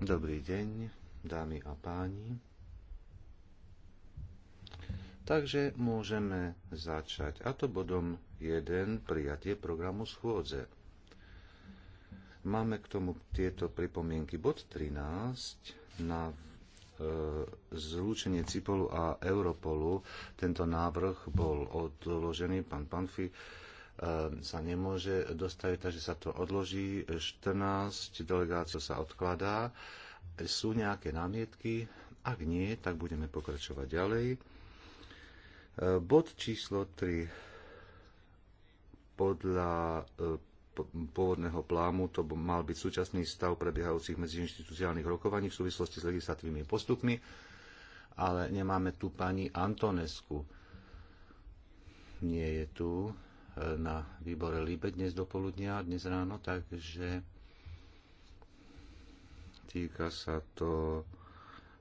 Dobrý deň, dámy a páni. Takže môžeme začať. A to bodom 1, prijatie programu schôdze. Máme k tomu tieto pripomienky. Bod 13 na e, zlúčenie Cipolu a Europolu. Tento návrh bol odložený. Pán Panfi Ehm, sa nemôže dostaviť, takže sa to odloží. 14 delegácií sa odkladá. Sú nejaké námietky? Ak nie, tak budeme pokračovať ďalej. Ehm, bod číslo 3. Podľa eh, pôvodného plámu to mal byť súčasný stav prebiehajúcich medziinstitucionálnych rokovaní v súvislosti s legislatívnymi postupmi, ale nemáme tu pani Antonesku. Nie je tu na výbore Líbe dnes do poludnia, dnes ráno, takže týka sa to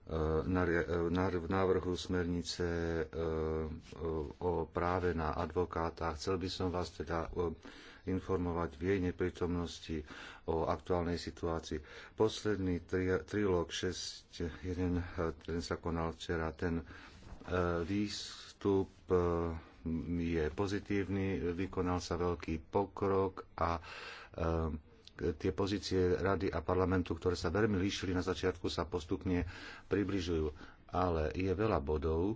eh, eh, návrhu smernice eh, o práve na advokáta. Chcel by som vás teda informovať v jej neprítomnosti o aktuálnej situácii. Posledný tri, trilog 6.1, ten sa konal včera, ten výstup je pozitívny, vykonal sa veľký pokrok a e, tie pozície rady a parlamentu, ktoré sa veľmi líšili na začiatku, sa postupne približujú. Ale je veľa bodov, e,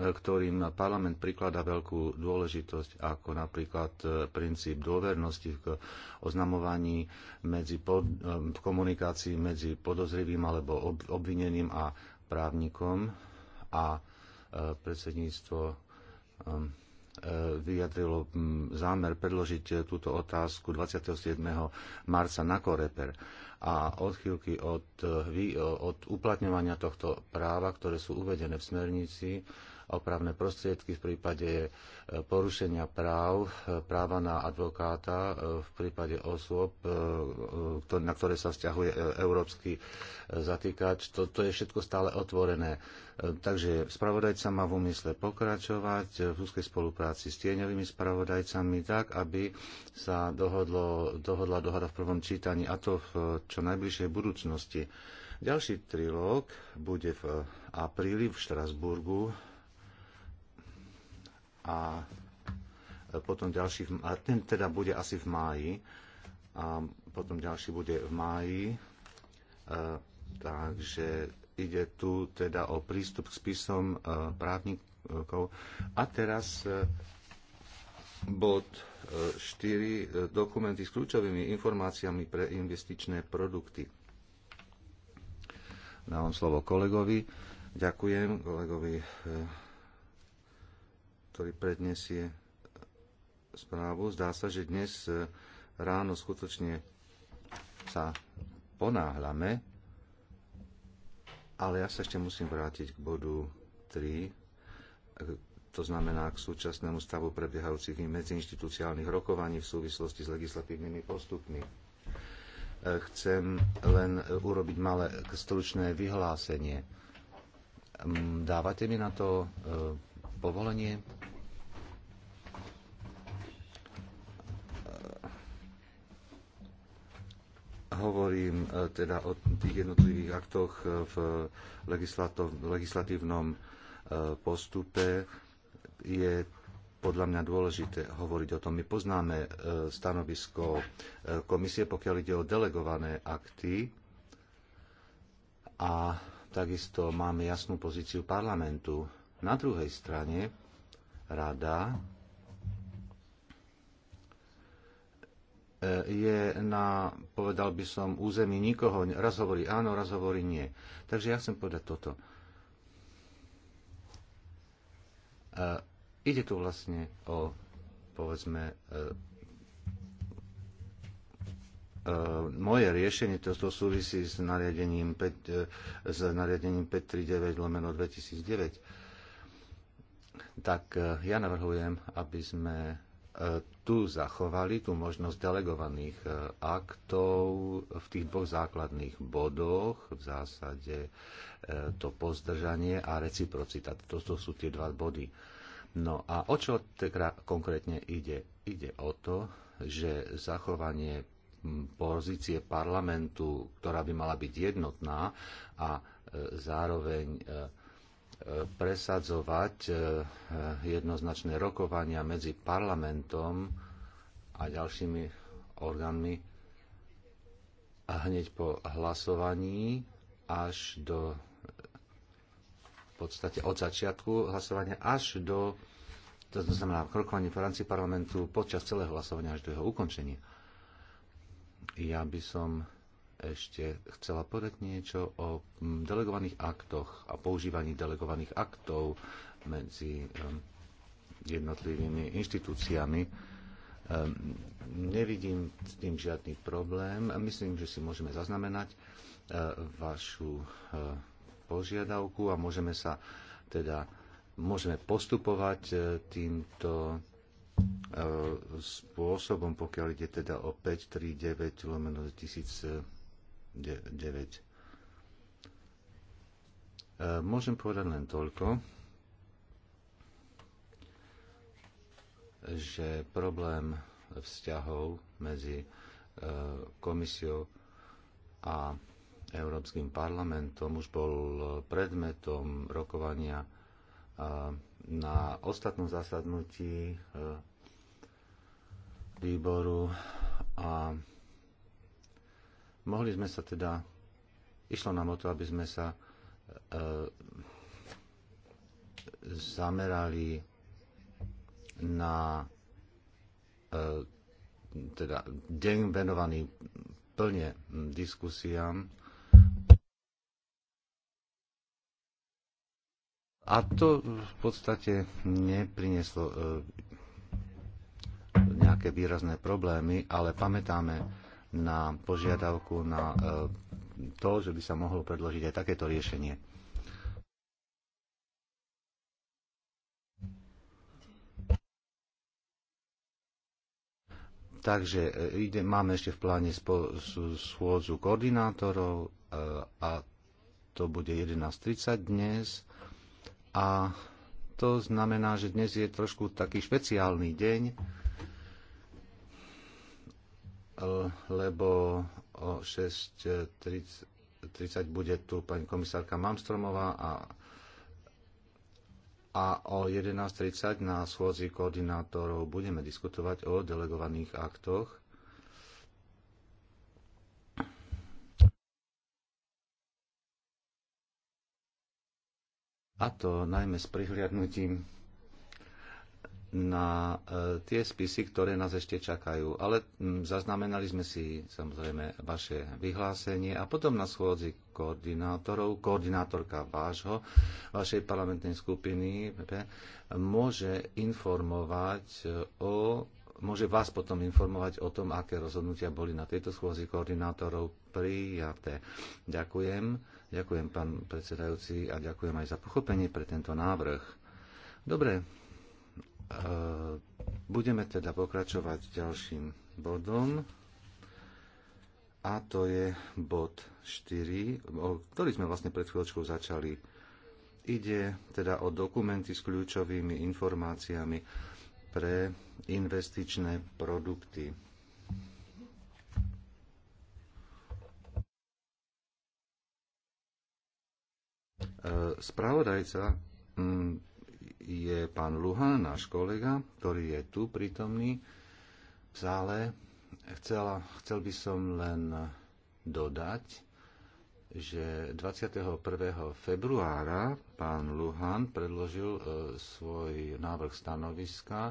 ktorým parlament prikladá veľkú dôležitosť, ako napríklad e, princíp dôvernosti v oznamovaní medzi pod, v komunikácii medzi podozrivým alebo obvineným a právnikom a predsedníctvo um, e, vyjadrilo zámer predložiť túto otázku 27. marca na Koreper. A odchýlky od, e, od uplatňovania tohto práva, ktoré sú uvedené v smernici, opravné prostriedky v prípade eh, porušenia práv, eh, práva na advokáta eh, v prípade osôb, na ktoré sa vzťahuje európsky zatýkač. To, to je všetko stále otvorené. Takže spravodajca má v úmysle pokračovať v úzkej spolupráci s tieňovými spravodajcami tak, aby sa dohodlo, dohodla dohoda v prvom čítaní a to v čo najbližšej budúcnosti. Ďalší trilóg bude v apríli v Štrasburgu a potom ďalší, a ten teda bude asi v máji a potom ďalší bude v máji. E, takže ide tu teda o prístup k spisom e, právnikov. A teraz e, bod 4, dokumenty s kľúčovými informáciami pre investičné produkty. Dávam slovo kolegovi. Ďakujem kolegovi ktorý predniesie správu. Zdá sa, že dnes e, ráno skutočne sa ponáhľame, ale ja sa ešte musím vrátiť k bodu 3, e, to znamená k súčasnému stavu prebiehajúcich medziinstitucionálnych rokovaní v súvislosti s legislatívnymi postupmi. E, chcem len urobiť malé stručné vyhlásenie. Dávate mi na to povolenie? Hovorím e, teda o tých jednotlivých aktoch e, v legislatívnom e, postupe. Je podľa mňa dôležité hovoriť o tom. My poznáme stanovisko komisie, pokiaľ ide o delegované akty a takisto máme jasnú pozíciu parlamentu. Na druhej strane rada je na, povedal by som, území nikoho. Raz hovorí áno, raz hovorí nie. Takže ja chcem povedať toto. E, ide tu vlastne o, povedzme, e, e, moje riešenie to, to súvisí s nariadením, 5, s nariadením 539 lomeno 2009, tak ja navrhujem, aby sme tu zachovali tú možnosť delegovaných e, aktov v tých dvoch základných bodoch, v zásade e, to pozdržanie a reciprocita. Toto sú tie dva body. No a o čo teda konkrétne ide? Ide o to, že zachovanie pozície parlamentu, ktorá by mala byť jednotná a e, zároveň presadzovať e, jednoznačné rokovania medzi parlamentom a ďalšími orgánmi a hneď po hlasovaní až do v podstate od začiatku hlasovania až do to znamená rokovanie v rámci parlamentu počas celého hlasovania až do jeho ukončenia. Ja by som ešte chcela povedať niečo o mm, delegovaných aktoch a používaní delegovaných aktov medzi jednotlivými inštitúciami. Nevidím s tým žiadny problém. Myslím, že si môžeme zaznamenať eh, vašu eh, požiadavku a môžeme sa teda môžeme postupovať eh, týmto spôsobom, pokiaľ ide teda o 539 2000 9. E, môžem povedať len toľko, že problém vzťahov medzi e, komisiou a Európskym parlamentom už bol e, predmetom rokovania na ostatnom zasadnutí výboru a Mohli sme sa teda, išlo nám o to, aby sme sa e, zamerali na e, teda deň venovaný plne diskusiám. A to v podstate neprineslo e, nejaké výrazné problémy, ale pamätáme, na požiadavku na eh, to, že by sa mohlo predložiť aj takéto riešenie. Takže eh, ide, máme ešte v pláne schôdzu koordinátorov eh, a to bude 11.30 dnes. A to znamená, že dnes je trošku taký špeciálny deň, lebo o 6.30 bude tu pani komisárka Mamstromová a, a o 11.30 na schôzi koordinátorov budeme diskutovať o delegovaných aktoch. A to najmä s prihliadnutím na e, tie spisy, ktoré nás ešte čakajú. Ale mm, zaznamenali sme si samozrejme vaše vyhlásenie a potom na schôdzi koordinátorov, koordinátorka vášho, vašej parlamentnej skupiny môže informovať e, o môže vás potom informovať o tom, aké rozhodnutia boli na tejto schôzi koordinátorov prijaté. Ďakujem. Ďakujem, pán predsedajúci, a ďakujem aj za pochopenie pre tento návrh. Dobre, E, budeme teda pokračovať ďalším bodom a to je bod 4, ktorý sme vlastne pred chvíľočkou začali. Ide teda o dokumenty s kľúčovými informáciami pre investičné produkty. E, spravodajca mm, je pán Luhan, náš kolega, ktorý je tu prítomný v zále. Chcel, chcel by som len dodať, že 21. februára pán Luhan predložil e, svoj návrh stanoviska,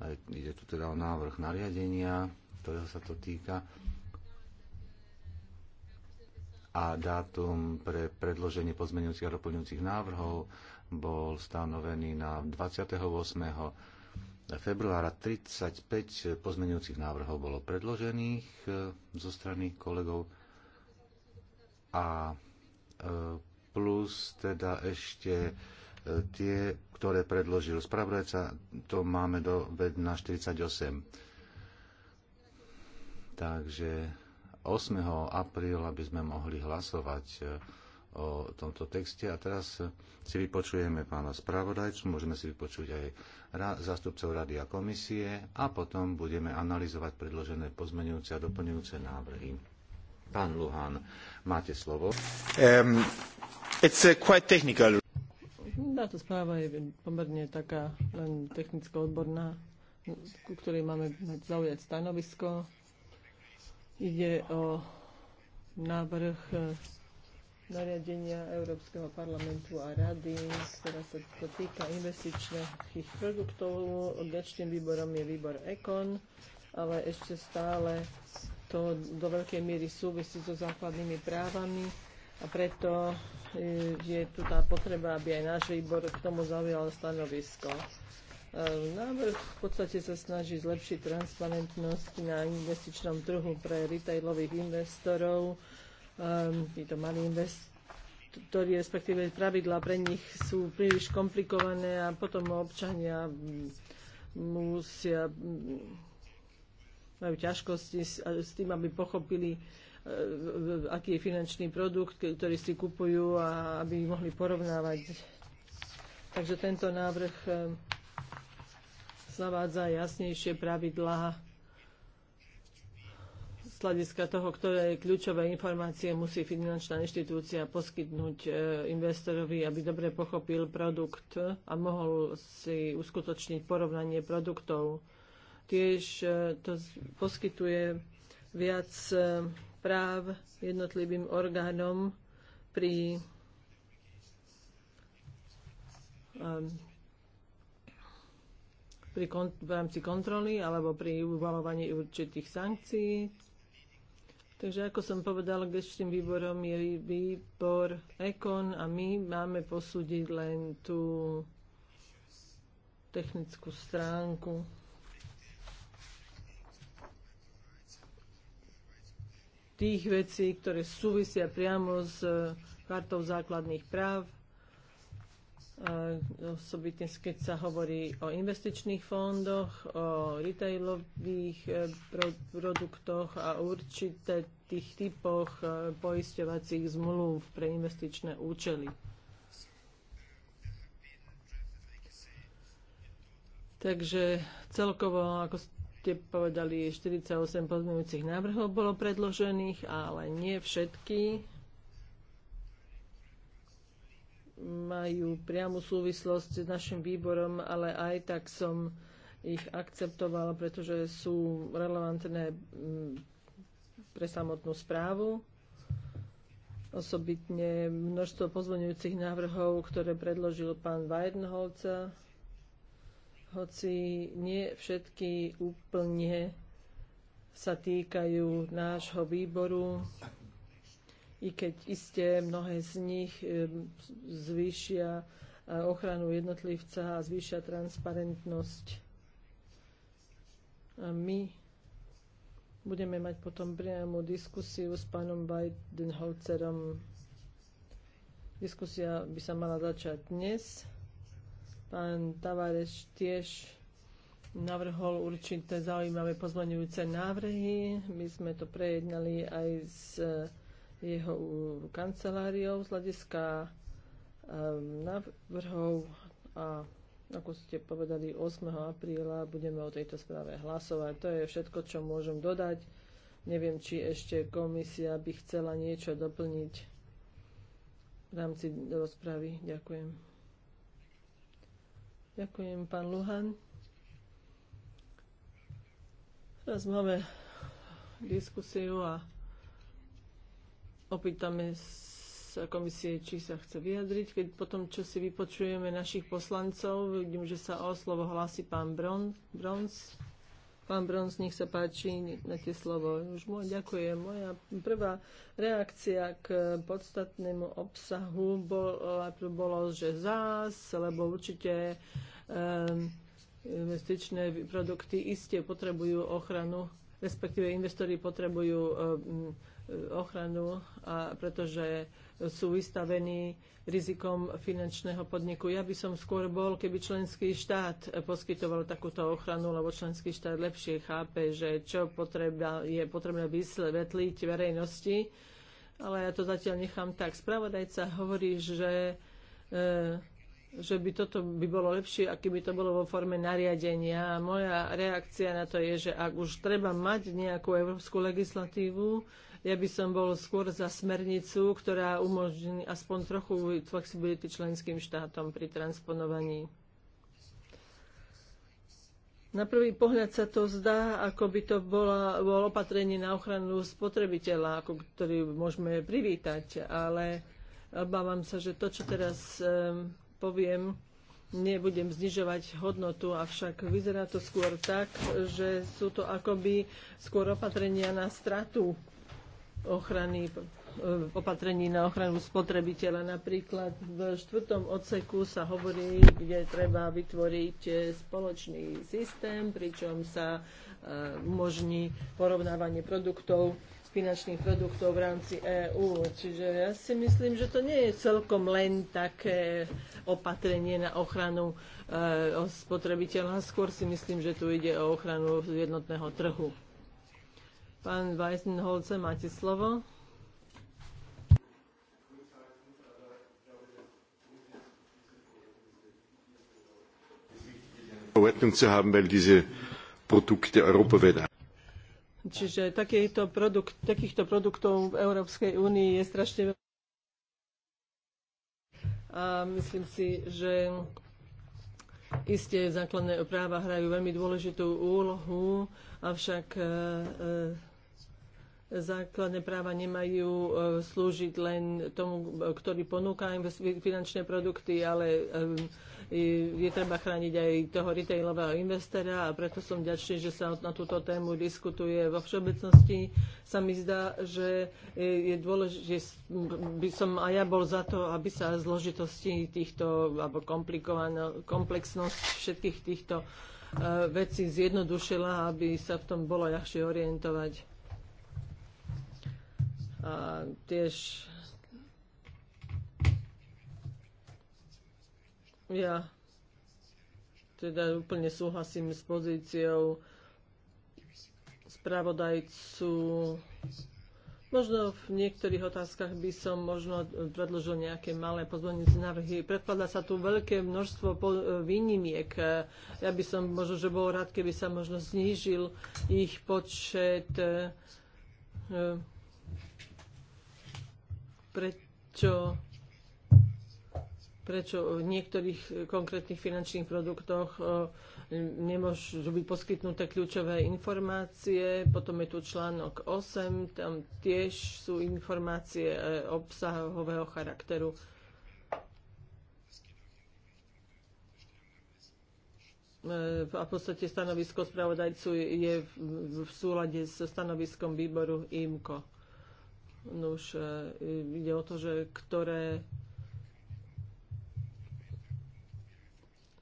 e, ide tu teda o návrh nariadenia, ktorého sa to týka, a dátum pre predloženie pozmenujúcich a doplňujúcich návrhov bol stanovený na 28. februára. 35 pozmenujúcich návrhov bolo predložených e, zo strany kolegov a e, plus teda ešte e, tie, ktoré predložil spravodajca, to máme do vedna 48. Takže 8. apríla by sme mohli hlasovať o tomto texte. A teraz si vypočujeme pána spravodajcu, môžeme si vypočuť aj zástupcov Rady a komisie a potom budeme analyzovať predložené pozmenujúce a doplňujúce návrhy. Pán Luhan, máte slovo. Um, it's quite technical. Táto správa je pomerne taká len technicko-odborná, ku ktorej máme zaujať stanovisko. Ide o návrh nariadenia Európskeho parlamentu a rady, ktorá sa to týka investičných produktov. Odgačným výborom je výbor EKON, ale ešte stále to do veľkej miery súvisí so základnými právami a preto e, je tu tá potreba, aby aj náš výbor k tomu zaujal stanovisko. E, návrh v podstate sa snaží zlepšiť transparentnosť na investičnom trhu pre retailových investorov, Ehm, títo malí investori, respektíve pravidla pre nich sú príliš komplikované a potom občania mm, musia mm, majú ťažkosti s, s tým, aby pochopili, e, e, aký je finančný produkt, ktorý si kupujú a aby ich mohli porovnávať. Takže tento návrh ehm, zavádza jasnejšie pravidlá z hľadiska toho, ktoré kľúčové informácie musí finančná inštitúcia poskytnúť e, investorovi, aby dobre pochopil produkt a mohol si uskutočniť porovnanie produktov. Tiež e, to poskytuje viac e, práv jednotlivým orgánom pri pri kont- v rámci kontroly alebo pri uvalovaní určitých sankcií. Takže ako som povedala, gestčným výborom je výbor EKON a my máme posúdiť len tú technickú stránku. tých vecí, ktoré súvisia priamo s kartou základných práv E, osobitne keď sa hovorí o investičných fondoch, o retailových e, produktoch a určite tých typoch e, poisťovacích zmluv pre investičné účely. Takže celkovo, ako ste povedali, 48 pozmeňujúcich návrhov bolo predložených, ale nie všetky majú priamu súvislosť s našim výborom, ale aj tak som ich akceptovala, pretože sú relevantné mm, pre samotnú správu. Osobitne množstvo pozvoňujúcich návrhov, ktoré predložil pán Weidenholzer, hoci nie všetky úplne sa týkajú nášho výboru i keď isté mnohé z nich e, zvýšia e, ochranu jednotlivca a zvýšia transparentnosť. A my budeme mať potom priamu diskusiu s pánom Bidenholcerom. Diskusia by sa mala začať dnes. Pán Tavares tiež navrhol určité zaujímavé pozvoňujúce návrhy. My sme to prejednali aj s jeho uh, kanceláriou z hľadiska um, návrhov a ako ste povedali, 8. apríla budeme o tejto správe hlasovať. To je všetko, čo môžem dodať. Neviem, či ešte komisia by chcela niečo doplniť v rámci rozpravy. Ďakujem. Ďakujem, pán Luhan. Teraz máme diskusiu a opýtame sa komisie, či sa chce vyjadriť. Keď potom, čo si vypočujeme našich poslancov, vidím, že sa o slovo hlási pán Bron, Brons. Pán Brons, nech sa páči na tie slovo. Už môj, ďakujem. Moja prvá reakcia k podstatnému obsahu bola, bolo, že zás, lebo určite um, investičné produkty iste potrebujú ochranu, respektíve investori potrebujú um, ochranu, a pretože sú vystavení rizikom finančného podniku. Ja by som skôr bol, keby členský štát poskytoval takúto ochranu, lebo členský štát lepšie chápe, že čo potreba, je potrebné vysvetliť verejnosti, ale ja to zatiaľ nechám tak. Spravodajca hovorí, že, e, že by toto by bolo lepšie, aký by to bolo vo forme nariadenia. Moja reakcia na to je, že ak už treba mať nejakú európsku legislatívu, ja by som bol skôr za smernicu, ktorá umožní aspoň trochu flexibility členským štátom pri transponovaní. Na prvý pohľad sa to zdá, ako by to bola, bolo opatrenie na ochranu spotrebiteľa, ako, ktorý môžeme privítať, ale obávam sa, že to, čo teraz um, poviem, nebudem znižovať hodnotu, avšak vyzerá to skôr tak, že sú to akoby skôr opatrenia na stratu ochrany e, opatrení na ochranu spotrebiteľa. Napríklad v štvrtom odseku sa hovorí, kde treba vytvoriť e, spoločný systém, pričom sa e, umožní porovnávanie produktov finančných produktov v rámci EÚ. Čiže ja si myslím, že to nie je celkom len také opatrenie na ochranu e, spotrebiteľa. Skôr si myslím, že tu ide o ochranu jednotného trhu. Pán Weisenholzer, máte slovo. Čiže takýchto, produkt, takýchto produktov v Európskej únii je strašne veľa. A myslím si, že isté základné práva hrajú veľmi dôležitú úlohu, avšak e, e, základné práva nemajú e, slúžiť len tomu, ktorý ponúka im finančné produkty, ale e, je treba chrániť aj toho retailového investora a preto som ďačný, že sa na túto tému diskutuje vo všeobecnosti. Sa mi zdá, že e, je dôležité, by som aj ja bol za to, aby sa zložitosti týchto, alebo komplexnosť všetkých týchto vecí zjednodušila, aby sa v tom bolo ľahšie orientovať. A tiež ja teda úplne súhlasím s pozíciou spravodajcu. Možno v niektorých otázkach by som možno predložil nejaké malé pozvonice návrhy. Predkladá sa tu veľké množstvo výnimiek. Ja by som možno, že bol rád, keby sa možno znížil ich počet prečo prečo v niektorých konkrétnych finančných produktoch e, nemôžu byť poskytnuté kľúčové informácie. Potom je tu článok 8, tam tiež sú informácie e, obsahového charakteru. E, a v podstate stanovisko spravodajcu je v súlade so stanoviskom výboru IMCO. No už e, ide o to, že ktoré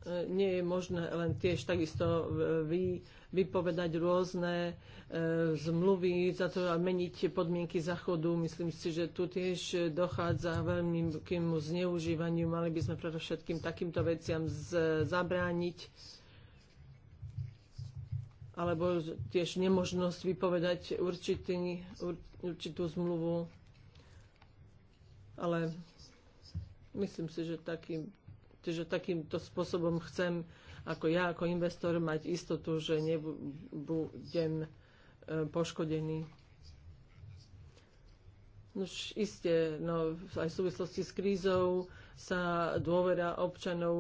e, nie je možné len tiež takisto e, vy, vypovedať rôzne e, zmluvy za to a meniť podmienky zachodu. Myslím si, že tu tiež dochádza veľmi k zneužívaniu. Mali by sme predovšetkým takýmto veciam z, zabrániť alebo tiež nemožnosť vypovedať určitý, určitú zmluvu. Ale myslím si, že, taký, že takýmto spôsobom chcem ako ja, ako investor, mať istotu, že nebudem e, poškodený. No, iste, no, aj v súvislosti s krízou sa dôvera občanov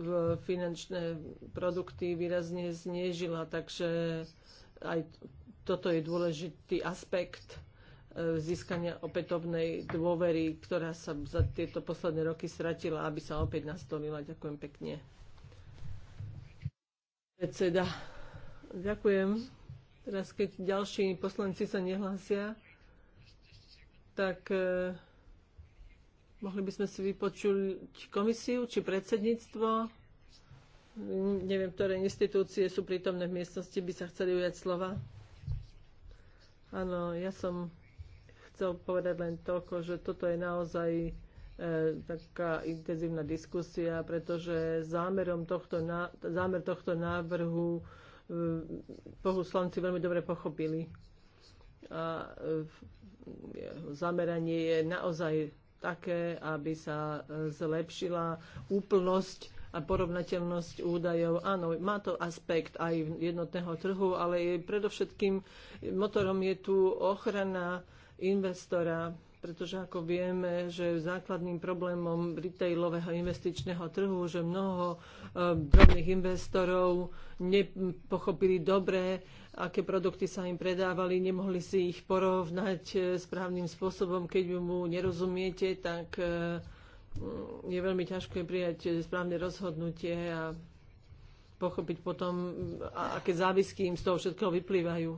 v finančné produkty výrazne znížila, takže aj toto je dôležitý aspekt e, získania opätovnej dôvery, ktorá sa za tieto posledné roky stratila, aby sa opäť nastolila. Ďakujem pekne. Predseda, ďakujem. Teraz, keď ďalší poslanci sa nehlásia, tak e, Mohli by sme si vypočuť komisiu či predsedníctvo. Neviem, ktoré inštitúcie sú prítomné v miestnosti, by sa chceli ujať slova. Áno, ja som chcel povedať len toľko, že toto je naozaj e, taká intenzívna diskusia, pretože zámerom tohto, na, zámer tohto návrhu e, bohuslanci veľmi dobre pochopili. A e, zameranie je naozaj také, aby sa e, zlepšila úplnosť a porovnateľnosť údajov. Áno, má to aspekt aj jednotného trhu, ale je predovšetkým motorom je tu ochrana investora, pretože ako vieme, že základným problémom retailového investičného trhu, že mnoho e, drobných investorov nepochopili dobre aké produkty sa im predávali, nemohli si ich porovnať e, správnym spôsobom. Keď mu nerozumiete, tak e, mm, je veľmi ťažké prijať e, správne rozhodnutie a pochopiť potom, aké závisky im z toho všetkého vyplývajú.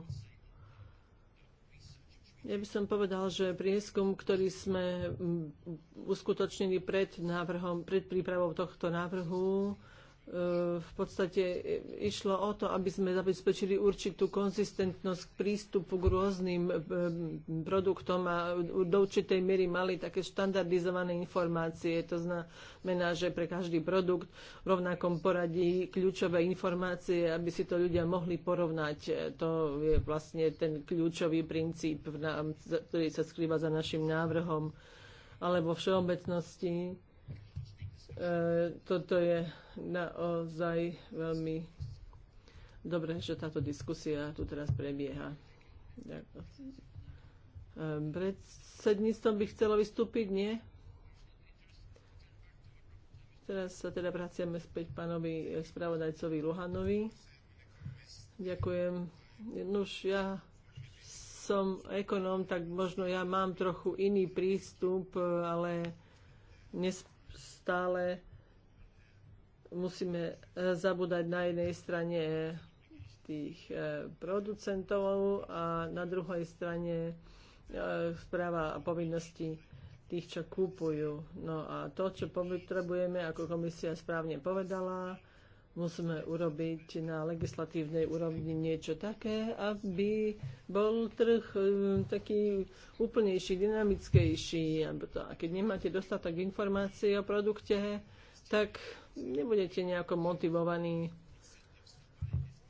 Ja by som povedal, že prieskum, ktorý sme mm, uskutočnili pred, návrhom, pred prípravou tohto návrhu, v podstate išlo o to, aby sme zabezpečili určitú konzistentnosť k prístupu k rôznym eh, produktom a do určitej miery mali také štandardizované informácie. To znamená, že pre každý produkt v rovnakom poradí kľúčové informácie, aby si to ľudia mohli porovnať. To je vlastne ten kľúčový princíp, ktorý sa skrýva za našim návrhom alebo všeobecnosti E, toto je naozaj veľmi dobré, že táto diskusia tu teraz prebieha. Ďakujem. E, Predsedníctvo by chcelo vystúpiť, nie? Teraz sa teda vraciame späť pánovi spravodajcovi Luhanovi. Ďakujem. Nuž, ja som ekonóm, tak možno ja mám trochu iný prístup, ale nes- stále musíme e, zabúdať na jednej strane tých e, producentov a na druhej strane e, správa a povinnosti tých, čo kúpujú. No a to, čo potrebujeme, ako komisia správne povedala, musíme urobiť na legislatívnej úrovni niečo také, aby bol trh e, taký úplnejší, dynamickejší. A keď nemáte dostatok informácií o produkte, tak nebudete nejako motivovaní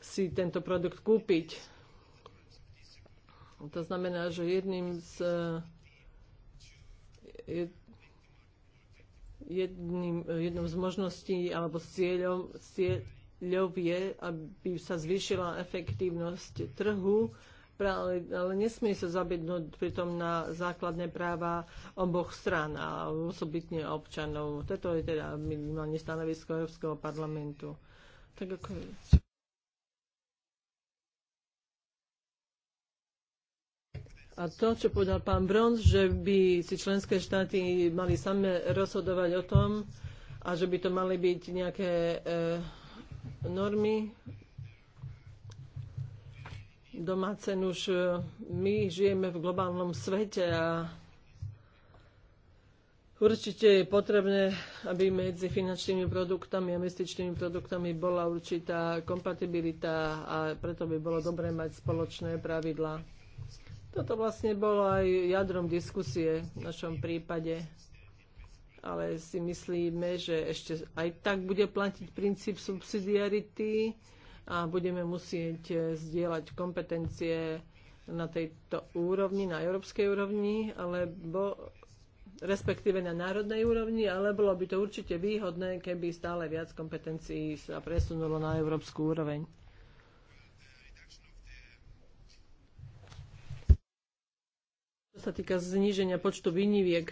si tento produkt kúpiť. To znamená, že jedným z e, jedným, jednou z možností alebo cieľom, cieľom je, aby sa zvýšila efektívnosť trhu, ale, ale nesmie sa zabednúť pritom na základné práva oboch strán a osobitne občanov. Toto je teda minimálne stanovisko Európskeho parlamentu. Tak ako... A to, čo povedal pán Bronz, že by si členské štáty mali same rozhodovať o tom a že by to mali byť nejaké e, normy domáce, no už e, my žijeme v globálnom svete a Určite je potrebné, aby medzi finančnými produktami a investičnými produktami bola určitá kompatibilita a preto by bolo dobré mať spoločné pravidlá. Toto vlastne bolo aj jadrom diskusie v našom prípade. Ale si myslíme, že ešte aj tak bude platiť princíp subsidiarity a budeme musieť zdieľať kompetencie na tejto úrovni, na európskej úrovni, alebo respektíve na národnej úrovni, ale bolo by to určite výhodné, keby stále viac kompetencií sa presunulo na európsku úroveň. sa týka zníženia počtu výniviek.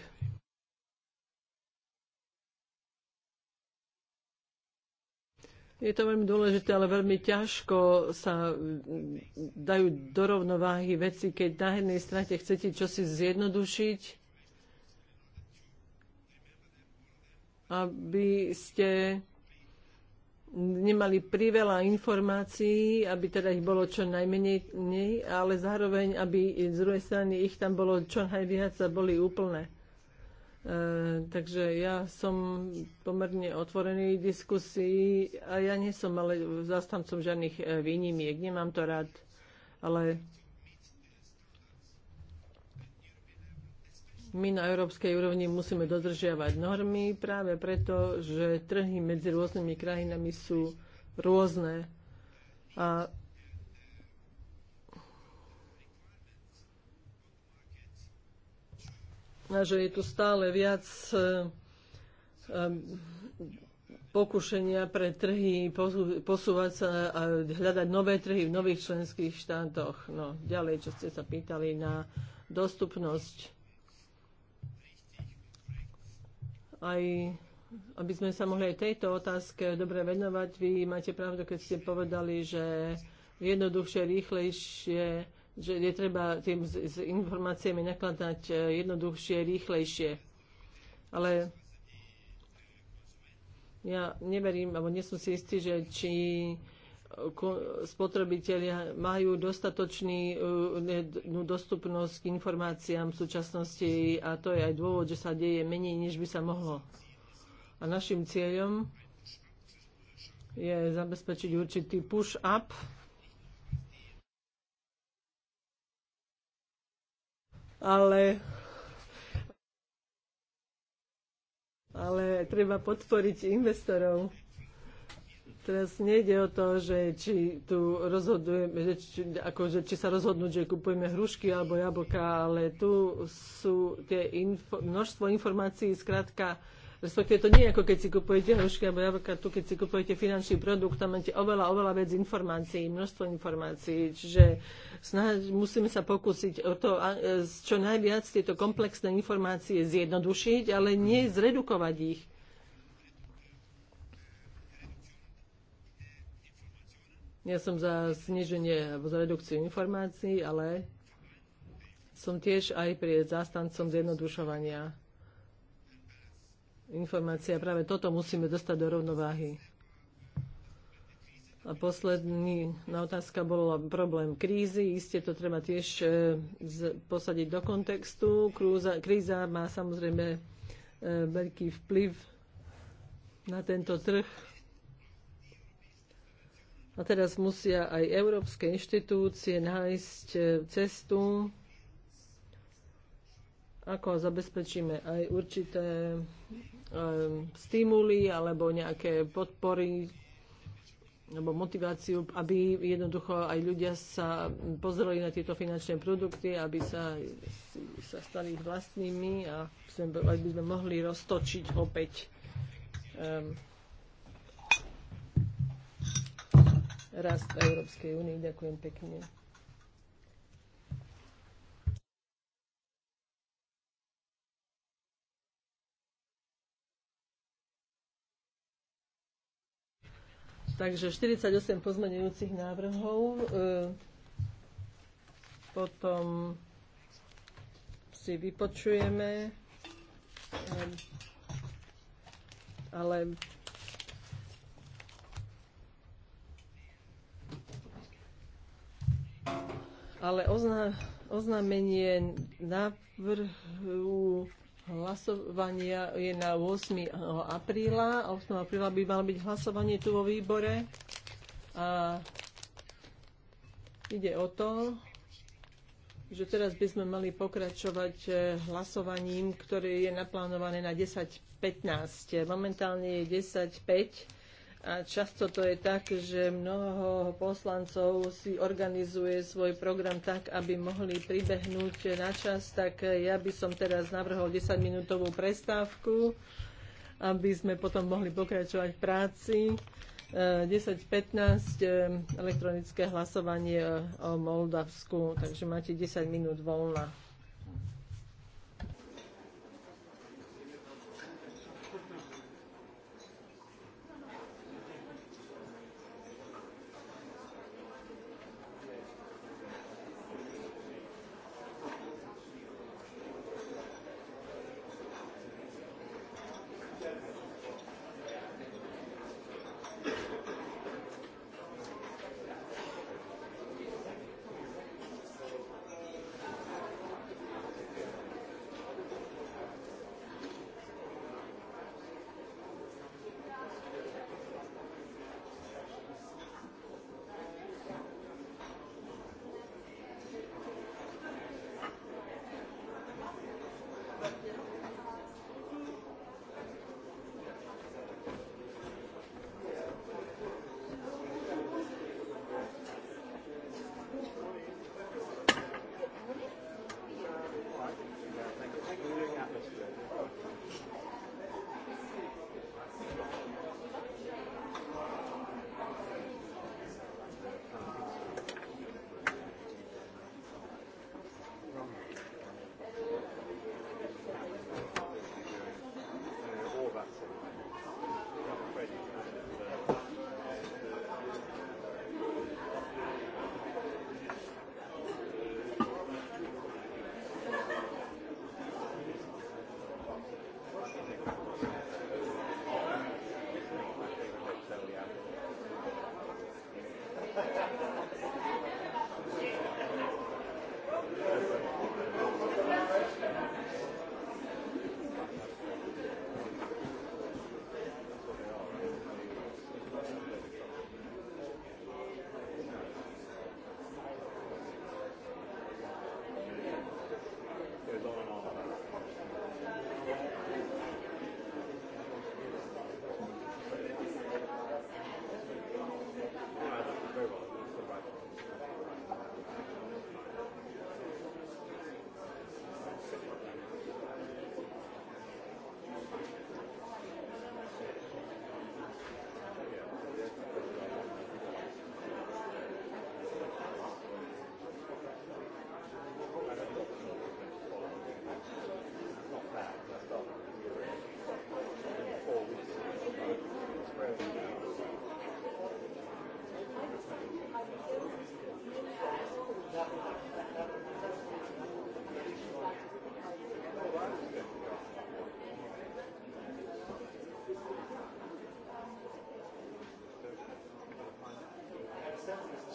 Je to veľmi dôležité, ale veľmi ťažko sa mm, dajú do rovnováhy veci, keď na jednej strate chcete čosi zjednodušiť, aby ste nemali priveľa informácií, aby teda ich bolo čo najmenej, nie, ale zároveň, aby z druhej strany ich tam bolo čo najviac a boli úplné. E, takže ja som pomerne otvorený diskusii a ja nie som ale zastancom žiadnych e, výnimiek, nemám to rád, ale my na európskej úrovni musíme dodržiavať normy práve preto, že trhy medzi rôznymi krajinami sú rôzne. A a že je tu stále viac ehm, pokušenia pre trhy posúvať sa a hľadať nové trhy v nových členských štátoch. No, ďalej, čo ste sa pýtali na dostupnosť aj aby sme sa mohli aj tejto otázke dobre venovať. Vy máte pravdu, keď ste povedali, že jednoduchšie, rýchlejšie, že je treba tým s, s informáciami nakladať e, jednoduchšie, rýchlejšie. Ale ja neverím, alebo nie som si istý, že či spotrebitelia majú dostatočnú eh, dostupnosť k informáciám v súčasnosti a to je aj dôvod, že sa deje menej, než by sa mohlo. A našim cieľom je zabezpečiť určitý push-up ale ale treba podporiť investorov. Teraz nejde o to, že či tu rozhodujeme, že či, že či sa rozhodnú, že kupujeme hrušky alebo jablka, ale tu sú tie info, množstvo informácií, zkrátka, respektíve to nie je ako keď si kupujete hrušky alebo jablka, tu keď si kupujete finančný produkt, tam máte oveľa, oveľa viac informácií, množstvo informácií, čiže snaž, musíme sa pokúsiť o to, e, čo najviac tieto komplexné informácie zjednodušiť, ale nie zredukovať ich Ja som za sniženie alebo za redukciu informácií, ale som tiež aj pri zástancom zjednodušovania informácií. A práve toto musíme dostať do rovnováhy. A posledný na otázka bola problém krízy. Isté to treba tiež e, posadiť do kontextu. Krúza, kríza má samozrejme e, veľký vplyv na tento trh a teraz musia aj európske inštitúcie nájsť e, cestu, ako zabezpečíme aj určité e, stimuly alebo nejaké podpory alebo motiváciu, aby jednoducho aj ľudia sa pozreli na tieto finančné produkty, aby sa, sa stali vlastnými a aby sme mohli roztočiť opäť um, rast Európskej únie. Ďakujem pekne. Takže 48 pozmenujúcich návrhov. E, potom si vypočujeme, ale ale oznámenie návrhu hlasovania je na 8. apríla. 8. apríla by malo byť hlasovanie tu vo výbore. A ide o to, že teraz by sme mali pokračovať eh, hlasovaním, ktoré je naplánované na 10.15. Momentálne je 10.5 a často to je tak, že mnoho poslancov si organizuje svoj program tak, aby mohli pribehnúť na čas. Tak ja by som teraz navrhol 10-minútovú prestávku, aby sme potom mohli pokračovať v práci. 10.15 e, e, elektronické hlasovanie o Moldavsku, takže máte 10 minút voľna.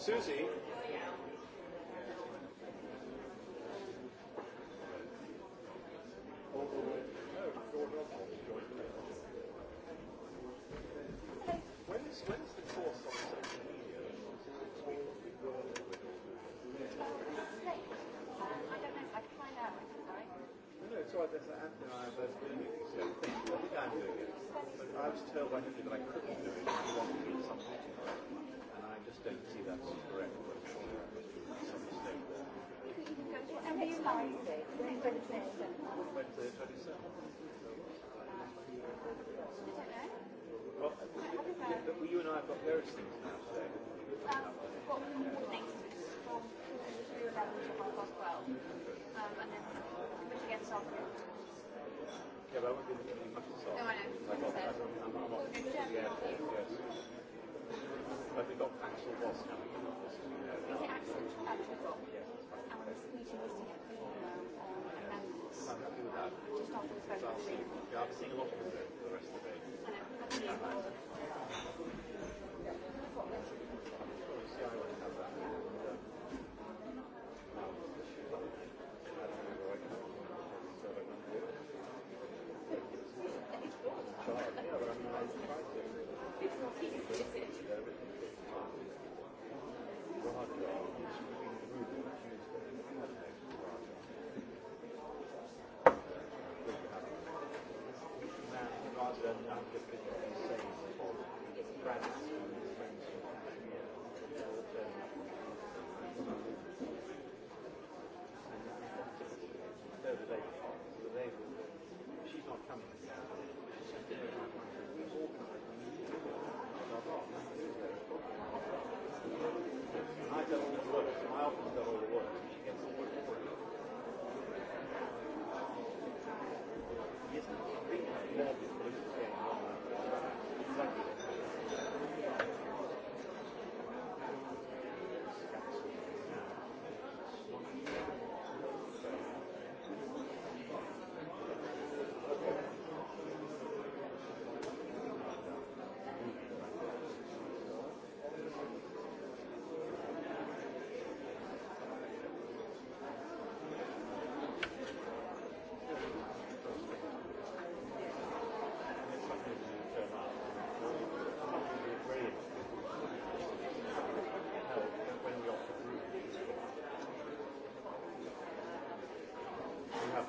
Susie? When is, when is the course on social media? No, it's all right. There's I have I think I'm doing it. But I was told by him that I couldn't do it if he wanted to do something just don't see that as correct, but surely that must some mistake there. And he likes it. Wednesday the 27th. Well, yeah, but you and I have got various things now today. from 4 to to half past 12. Um, and then, which again starts Yeah, but I won't be looking at much this afternoon. Oh, no, I know. I'm, not I'm off to the airport, But we've got actual boss coming in on this. Is it Axel? Axel Ross. And this meeting is to um, just after the vote. So Yeah, I've seen a lot of them for the rest of the day.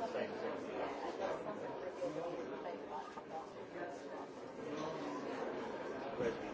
Thank you.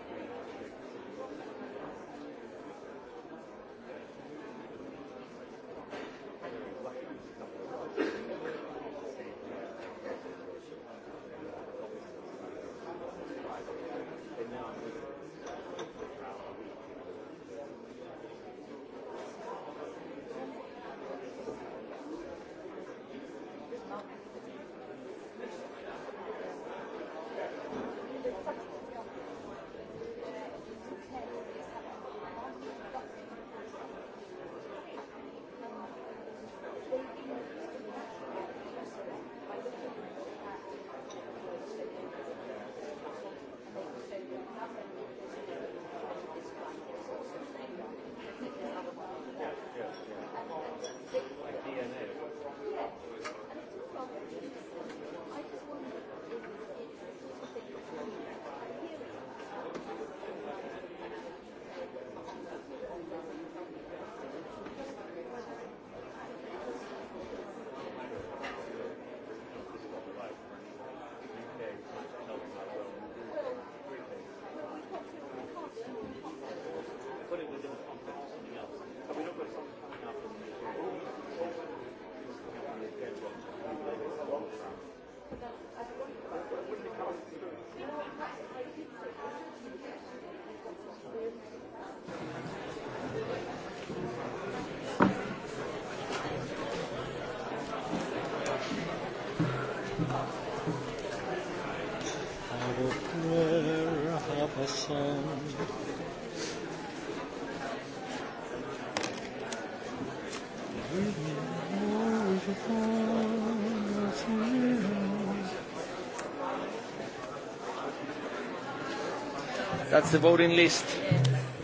That's the voting list.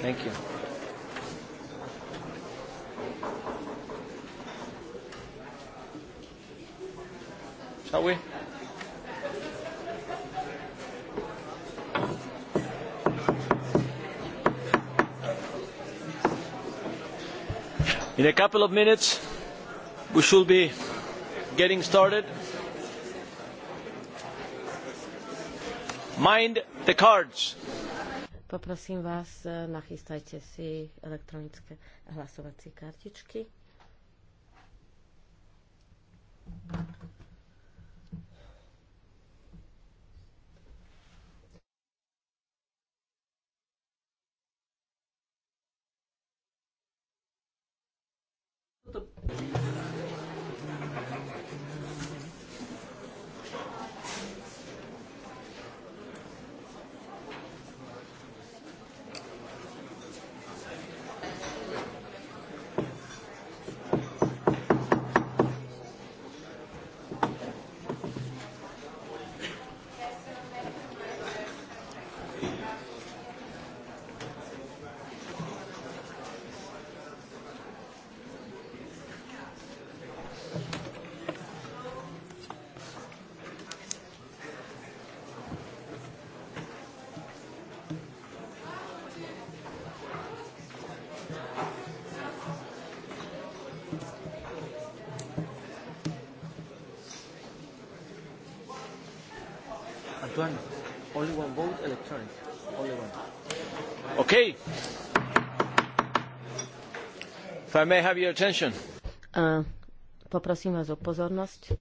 Thank you. Shall we? In a couple of minutes, we should be getting started. Mind the cards. Poprosím vás, e, nachystajte si elektronické hlasovacie kartičky. Only one vote, electronic. Only one. Okay. If I may have your attention. Uh, poprosím vás o pozornosť.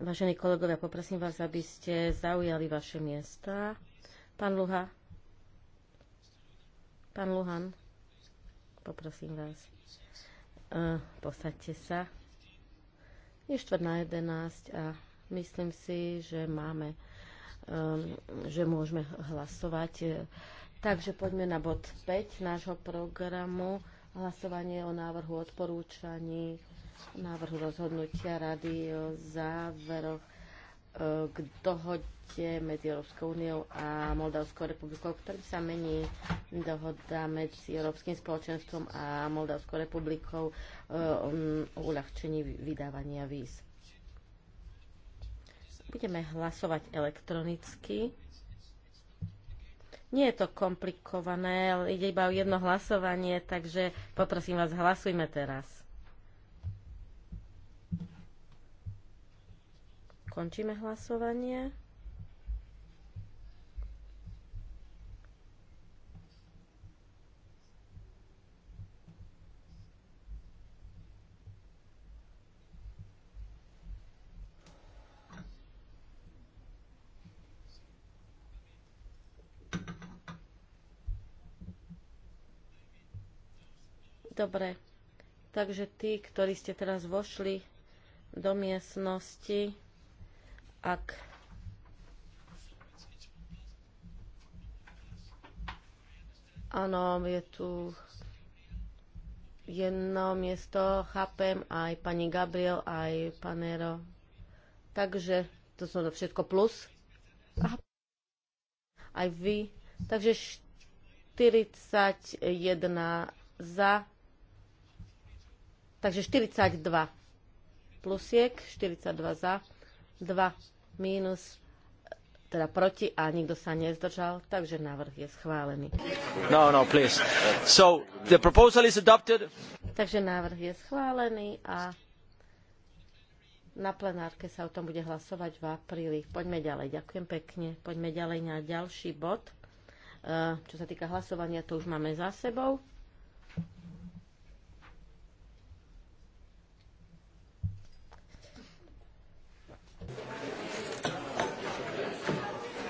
Vážení kolegovia, poprosím vás, aby ste zaujali vaše miesta. Pán Luha. Pán Luhan. Poprosím vás. Uh, posaďte sa. Je štvrt na jedenáct a Myslím si, že máme, um, že môžeme hlasovať. Takže poďme na bod 5 nášho programu. Hlasovanie o návrhu odporúčaní, návrhu rozhodnutia rady o záveroch eh, k dohode medzi Európskou úniou a Moldavskou republikou, ktorým sa mení dohoda medzi Európskym spoločenstvom a Moldavskou republikou eh, o uľahčení vydávania víz. Budeme hlasovať elektronicky. Nie je to komplikované, ale ide iba o jedno hlasovanie, takže poprosím vás, hlasujme teraz. Končíme hlasovanie. Dobre, takže tí, ktorí ste teraz vošli do miestnosti, ak Áno, je tu jedno miesto, chápem, aj pani Gabriel, aj panero. Takže to sú všetko plus. Aha. Aj vy. Takže 41 za, Takže 42 plusiek, 42 za, 2 mínus, teda proti a nikto sa nezdržal, takže návrh je schválený. No, no, please. So, the proposal is adopted. Takže návrh je schválený a na plenárke sa o tom bude hlasovať v apríli. Poďme ďalej, ďakujem pekne. Poďme ďalej na ďalší bod. E, čo sa týka hlasovania, to už máme za sebou.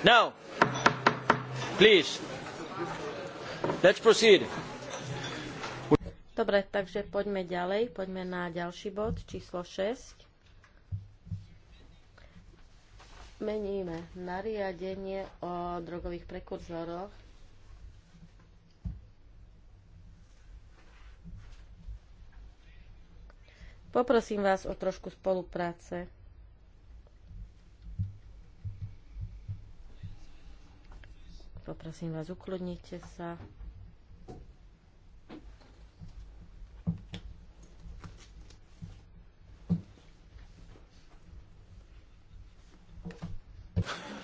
Now, please, let's proceed. Dobre, takže poďme ďalej, poďme na ďalší bod, číslo 6. Meníme nariadenie o drogových prekurzoroch Poprosím vás o trošku spolupráce. Poprosím vás, ukludnite sa.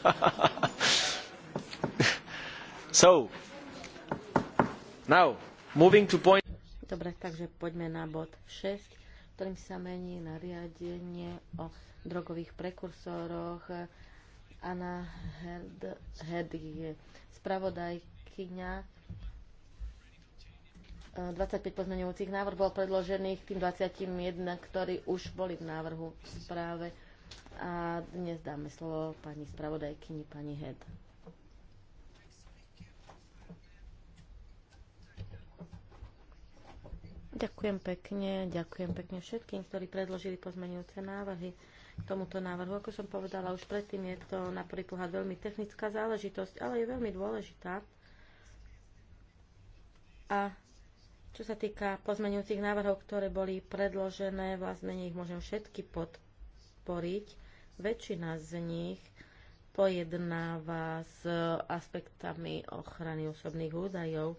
so, now, moving to point... Dobre, takže poďme na bod 6, ktorým sa mení nariadenie o drogových prekursoroch Anna Hed je spravodajkyňa. 25 e, pozmeňujúcich návrh bol predložených tým 21, ktorí už boli v návrhu v správe. A dnes dáme slovo pani spravodajkyni, pani Hed. Ďakujem pekne, ďakujem pekne všetkým, ktorí predložili pozmeňujúce návrhy tomuto návrhu. Ako som povedala už predtým, je to na prvý pohľad veľmi technická záležitosť, ale je veľmi dôležitá. A čo sa týka pozmeňujúcich návrhov, ktoré boli predložené, vlastne ich môžem všetky podporiť. Väčšina z nich pojednáva s aspektami ochrany osobných údajov.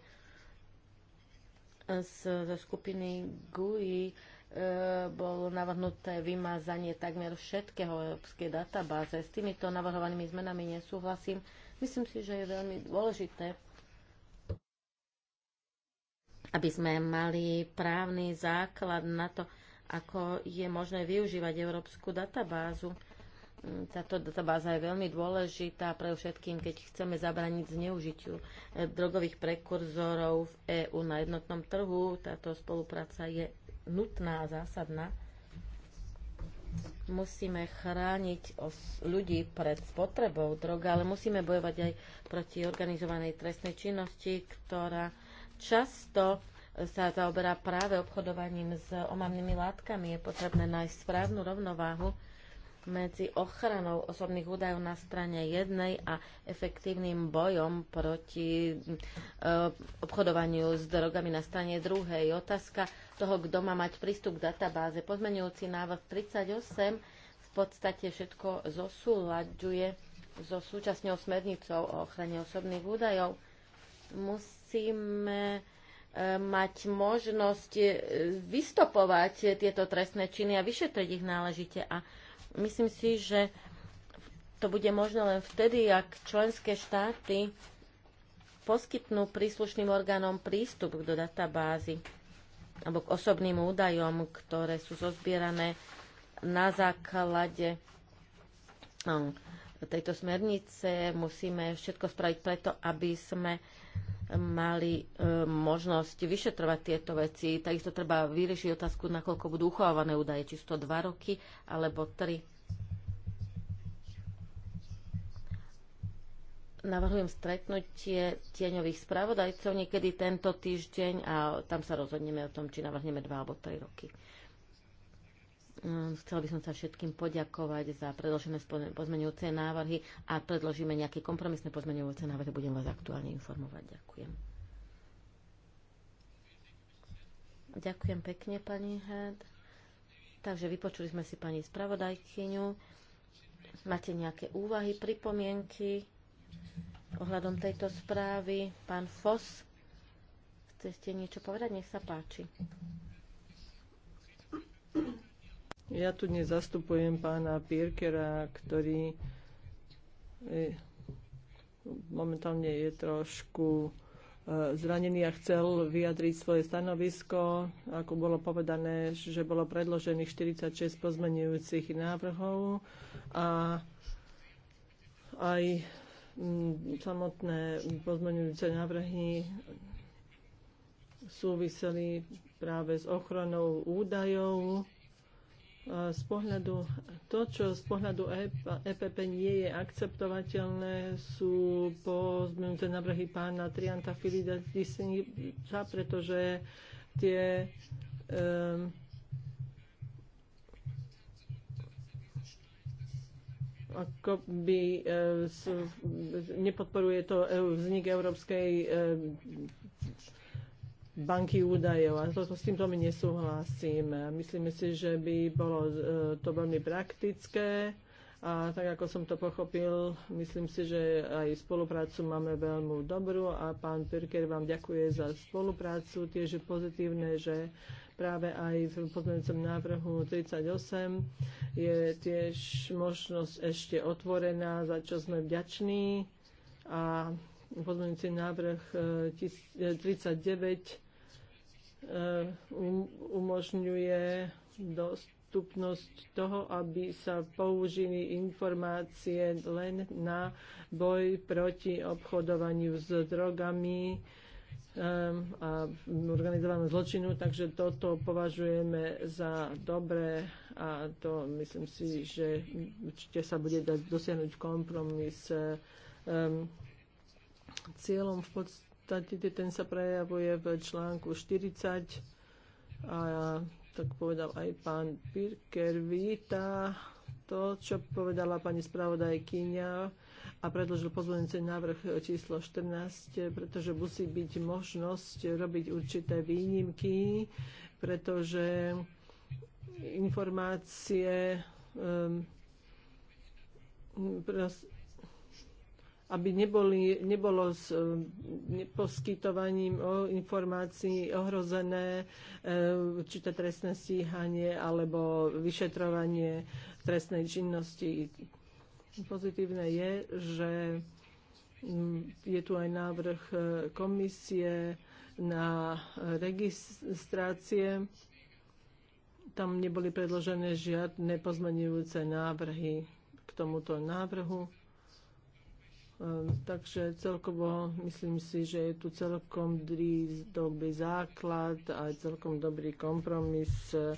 Z, zo skupiny GUI E, bolo navrhnuté vymazanie takmer všetkého európskej databáze. S týmito navrhovanými zmenami nesúhlasím. Myslím si, že je veľmi dôležité, aby sme mali právny základ na to, ako je možné využívať európsku databázu. Táto databáza je veľmi dôležitá pre všetkým, keď chceme zabraniť zneužitiu e, drogových prekurzorov v EÚ na jednotnom trhu. Táto spolupráca je nutná a zásadná. Musíme chrániť ľudí pred spotrebou drog, ale musíme bojovať aj proti organizovanej trestnej činnosti, ktorá často sa zaoberá práve obchodovaním s omamnými látkami. Je potrebné nájsť správnu rovnováhu medzi ochranou osobných údajov na strane jednej a efektívnym bojom proti e, obchodovaniu s drogami na strane druhej. Otázka toho, kto má mať prístup k databáze. Pozmenujúci návrh 38 v podstate všetko zosúľaďuje so súčasnou smernicou o ochrane osobných údajov. Musíme eh, mať možnosť eh, vystopovať tieto trestné činy a vyšetriť ich náležite. A Myslím si, že to bude možné len vtedy, ak členské štáty poskytnú príslušným orgánom prístup do databázy alebo k osobným údajom, ktoré sú zozbierané na základe no, tejto smernice. Musíme všetko spraviť preto, aby sme mali e, možnosť vyšetrovať tieto veci. Takisto treba vyriešiť otázku, nakoľko budú uchovávané údaje, či sú to dva roky alebo tri. Navrhujem stretnutie tieňových spravodajcov niekedy tento týždeň a tam sa rozhodneme o tom, či navrhneme dva alebo tri roky. Hm, chcela by som sa všetkým poďakovať za predložené pozmeňujúce návrhy a predložíme nejaké kompromisné pozmeňujúce návrhy. Budem vás aktuálne informovať. Ďakujem. Ďakujem pekne, pani Head. Takže vypočuli sme si pani spravodajkyňu. Máte nejaké úvahy, pripomienky ohľadom tejto správy? Pán Fos, chcete niečo povedať? Nech sa páči. Ja tu dnes zastupujem pána Pirkera, ktorý e, momentálne je trošku e, zranený a chcel vyjadriť svoje stanovisko. Ako bolo povedané, že bolo predložených 46 pozmenujúcich návrhov a aj samotné pozmenujúce návrhy súviseli práve s ochranou údajov E, z pohľadu, to, čo z pohľadu EPP e nie je akceptovateľné, sú pozmenuté návrhy pána Trianta Filida Disinča, pretože tie um, ako by e, s, nepodporuje to e, vznik Európskej e, banky údajov a to, s týmto my nesúhlasíme. Myslíme si, že by bolo e, to veľmi praktické a tak ako som to pochopil, myslím si, že aj spoluprácu máme veľmi dobrú a pán Pirker vám ďakuje za spoluprácu. Tiež je pozitívne, že práve aj v pozmeňujúcom návrhu 38 je tiež možnosť ešte otvorená, za čo sme vďační a pozmeňujúci návrh 39 e, e, e, um, umožňuje dostupnosť toho, aby sa použili informácie len na boj proti obchodovaniu s drogami a organizovanú zločinu, takže toto považujeme za dobré a to myslím si, že určite sa bude dať dosiahnuť kompromis Cieľom v podstate ten sa prejavuje v článku 40 a tak povedal aj pán Pirker, víta to, čo povedala pani spravodajkyňa a predložil pozvanice návrh číslo 14, pretože musí byť možnosť robiť určité výnimky, pretože informácie um, aby neboli, nebolo s e, neposkytovaním informácií ohrozené e, či to trestné stíhanie alebo vyšetrovanie trestnej činnosti. Pozitívne je, že je tu aj návrh e, komisie na registrácie. Tam neboli predložené žiadne pozmenujúce návrhy k tomuto návrhu. Ehm, takže celkovo myslím si, že je tu celkom dobrý základ a celkom dobrý kompromis. Eh,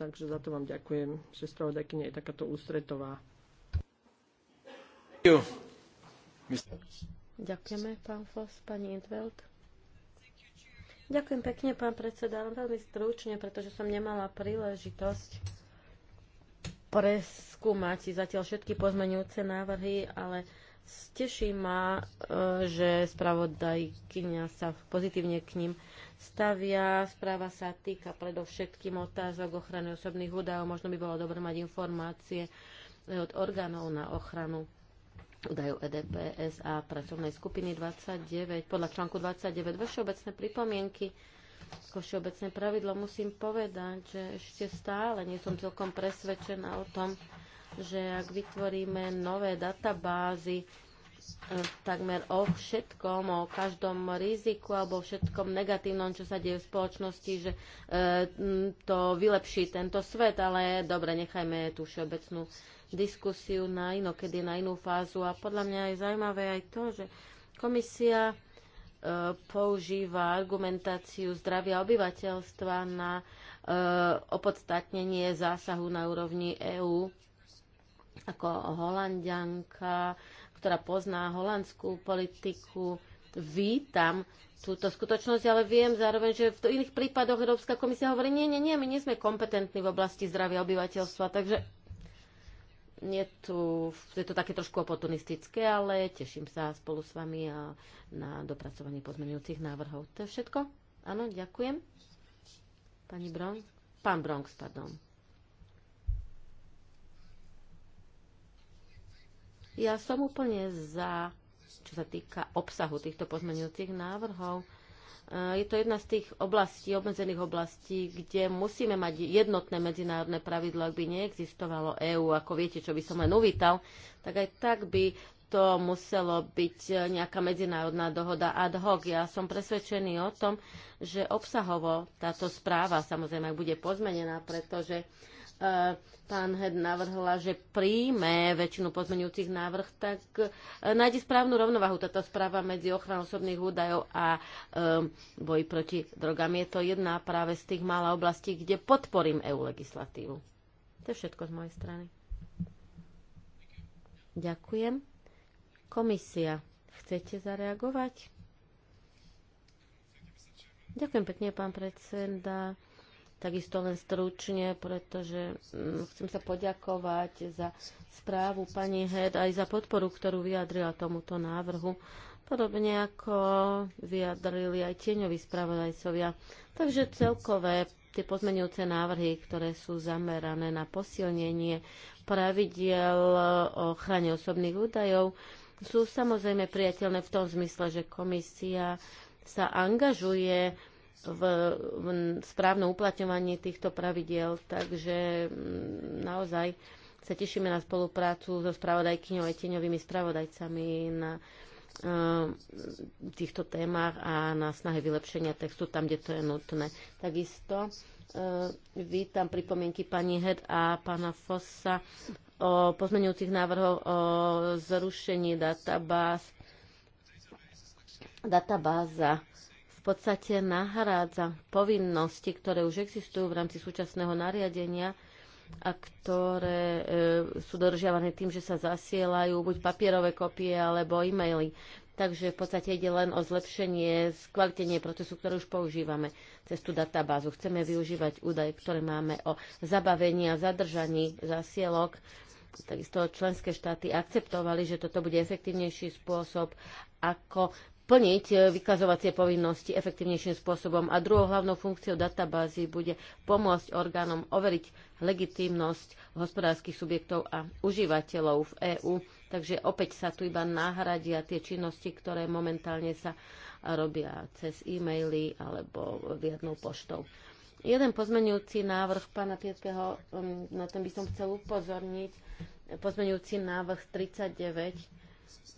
takže za to vám ďakujem, že spravodajkynia je takáto ústretová. Ďakujeme, pán Fos, pani Intveld. Ďakujem pekne, pán predseda. Len veľmi stručne, pretože som nemala príležitosť preskúmať zatiaľ všetky pozmeňujúce návrhy, ale Teší ma, eh, že spravodajkynia sa pozitívne k ním stavia. Správa sa týka predovšetkým otázok ochrany osobných údajov. Možno by bolo dobre mať informácie eh, od orgánov na ochranu údajov EDPS a pracovnej skupiny 29, podľa článku 29 vo obecné pripomienky. Ako všeobecné pravidlo musím povedať, že ešte stále nie som celkom presvedčená o tom, že ak vytvoríme nové databázy, e, takmer o všetkom, o každom riziku alebo o všetkom negatívnom, čo sa deje v spoločnosti, že e, to vylepší tento svet, ale dobre, nechajme tú všeobecnú diskusiu na inokedy, na inú fázu. A podľa mňa je zaujímavé aj to, že komisia e, používa argumentáciu zdravia obyvateľstva na e, opodstatnenie zásahu na úrovni EÚ ako holandianka, ktorá pozná holandskú politiku, vítam túto skutočnosť, ale viem zároveň, že v iných prípadoch Európska komisia hovorí, nie, nie, nie, my nie sme kompetentní v oblasti zdravia obyvateľstva, takže je, tu, je to také trošku oportunistické, ale teším sa spolu s vami a na dopracovanie pozmenujúcich návrhov. To je všetko? Áno, ďakujem. Pani Bronx? Pán Bronx, pardon. Ja som úplne za, čo sa týka obsahu týchto pozmeňujúcich návrhov. Eh, je to jedna z tých oblastí, obmedzených oblastí, kde musíme mať jednotné medzinárodné pravidlo, ak by neexistovalo EÚ, ako viete, čo by som len uvítal, tak aj tak by to muselo byť eh, nejaká medzinárodná dohoda ad hoc. Ja som presvedčený o tom, že obsahovo táto správa samozrejme bude pozmenená, pretože uh, E, pán Hed navrhla, že príjme väčšinu pozmeňujúcich návrh, tak e, nájde správnu rovnovahu táto správa medzi ochranou osobných údajov a e, boj proti drogám. Je to jedna práve z tých mála oblastí, kde podporím EU legislatívu. To je všetko z mojej strany. Ďakujem. Komisia, chcete zareagovať? Ďakujem pekne, pán predseda. Takisto len stručne, pretože mm, chcem sa poďakovať za správu pani Head aj za podporu, ktorú vyjadrila tomuto návrhu. Podobne ako vyjadrili aj tieňoví spravodajcovia. Takže celkové tie pozmenujúce návrhy, ktoré sú zamerané na posilnenie pravidiel o ochrane osobných údajov, sú samozrejme priateľné v tom zmysle, že komisia sa angažuje v, v správnom uplatňovaní týchto pravidiel, takže mm, naozaj sa tešíme na spoluprácu so spravodajkyňou a tieňovými spravodajcami na eh, týchto témach a na snahe vylepšenia textu tam, kde to je nutné. Takisto eh, vítam pripomienky pani Hed a pána Fossa o pozmenujúcich návrhoch o zrušení databáz databáza podstate nahrádza povinnosti, ktoré už existujú v rámci súčasného nariadenia a ktoré e, sú dodržiavané tým, že sa zasielajú buď papierové kopie alebo e-maily. Takže v podstate ide len o zlepšenie, skvalitenie procesu, ktorý už používame cez tú databázu. Chceme využívať údaje, ktoré máme o zabavení a zadržaní zasielok. Takisto členské štáty akceptovali, že toto bude efektívnejší spôsob, ako plniť e, vykazovacie povinnosti efektívnejším spôsobom a druhou hlavnou funkciou databázy bude pomôcť orgánom overiť legitímnosť hospodárskych subjektov a užívateľov v EÚ. Takže opäť sa tu iba nahradia tie činnosti, ktoré momentálne sa robia cez e-maily alebo viadnou poštou. Jeden pozmenujúci návrh pána Pietkeho, um, na ten by som chcel upozorniť, pozmenujúci návrh 39,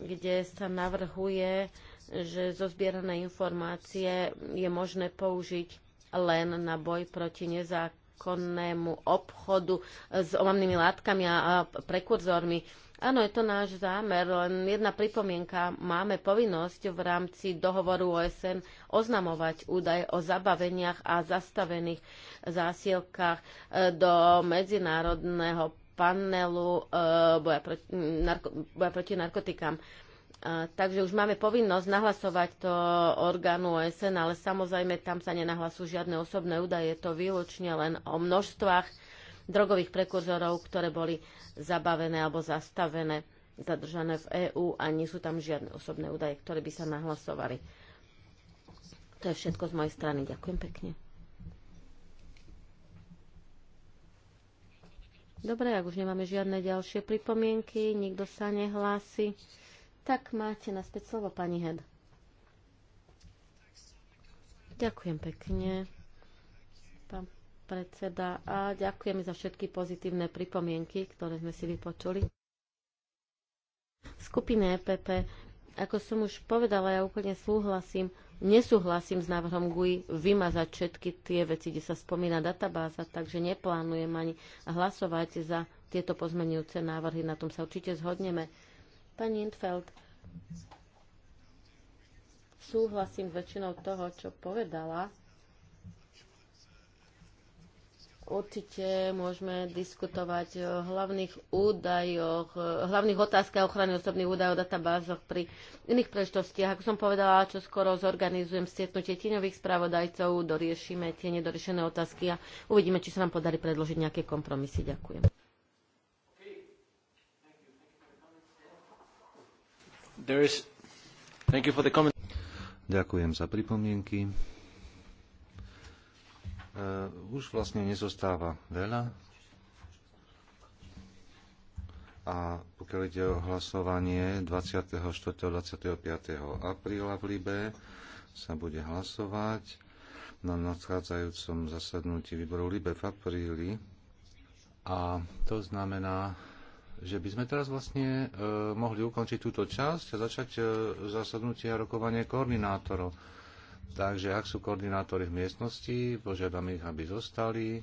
kde sa navrhuje že zo informácie je možné použiť len na boj proti nezákonnému obchodu s omamnými látkami a prekurzormi. Áno, je to náš zámer, len jedna pripomienka. Máme povinnosť v rámci dohovoru OSN oznamovať údaje o zabaveniach a zastavených zásielkách e, do medzinárodného panelu e, boja proti, narko, boja proti narkotikám takže už máme povinnosť nahlasovať to orgánu OSN, ale samozrejme tam sa nenahlasujú žiadne osobné údaje, je to výlučne len o množstvách drogových prekurzorov, ktoré boli zabavené alebo zastavené, zadržané v EÚ a nie sú tam žiadne osobné údaje, ktoré by sa nahlasovali. To je všetko z mojej strany. Ďakujem pekne. Dobre, ak už nemáme žiadne ďalšie pripomienky, nikto sa nehlási. Tak máte naspäť slovo, pani Hed. Ďakujem pekne, pán predseda, a ďakujem za všetky pozitívne pripomienky, ktoré sme si vypočuli. Skupina EPP, ako som už povedala, ja úplne súhlasím, nesúhlasím s návrhom GUI vymazať všetky tie veci, kde sa spomína databáza, takže neplánujem ani hlasovať za tieto pozmenujúce návrhy, na tom sa určite zhodneme. Pani Intfeld. súhlasím s väčšinou toho, čo povedala. Určite môžeme diskutovať o hlavných údajoch, hlavných otázkach ochrany osobných údajov, databázoch pri iných príležitostiach. Ako som povedala, čo skoro zorganizujem stretnutie tieňových spravodajcov, doriešime tie nedoriešené otázky a uvidíme, či sa nám podarí predložiť nejaké kompromisy. Ďakujem. Ďakujem za pripomienky. Uh, už vlastne nezostáva veľa. A pokiaľ ide o hlasovanie 24. 25. apríla v Libe, sa bude hlasovať na nadchádzajúcom zasadnutí výboru Libe v apríli. A to znamená, že by sme teraz vlastne e, mohli ukončiť túto časť a začať e, zasadnutie a rokovanie koordinátorov. Takže ak sú koordinátori v miestnosti, požiadam ich, aby zostali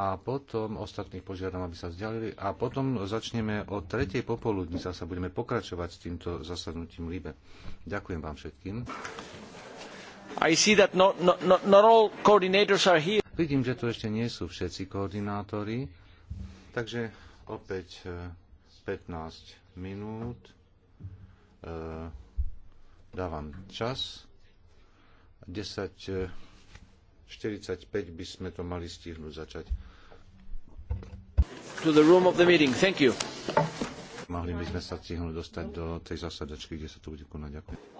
a potom ostatných požiadam, aby sa vzdialili a potom začneme o tretej popoludní sa budeme pokračovať s týmto zasadnutím líbe. Ďakujem vám všetkým. I see that not, not, not all coordinators are here. Vidím, že tu ešte nie sú všetci koordinátori, takže opäť 15 e, minút. E, dávam čas. 10.45 e, by sme to mali stihnúť začať. To the room of the meeting. Thank you. Mohli by sme sa stihnúť dostať do tej zasadačky, kde sa to bude konať. Ďakujem.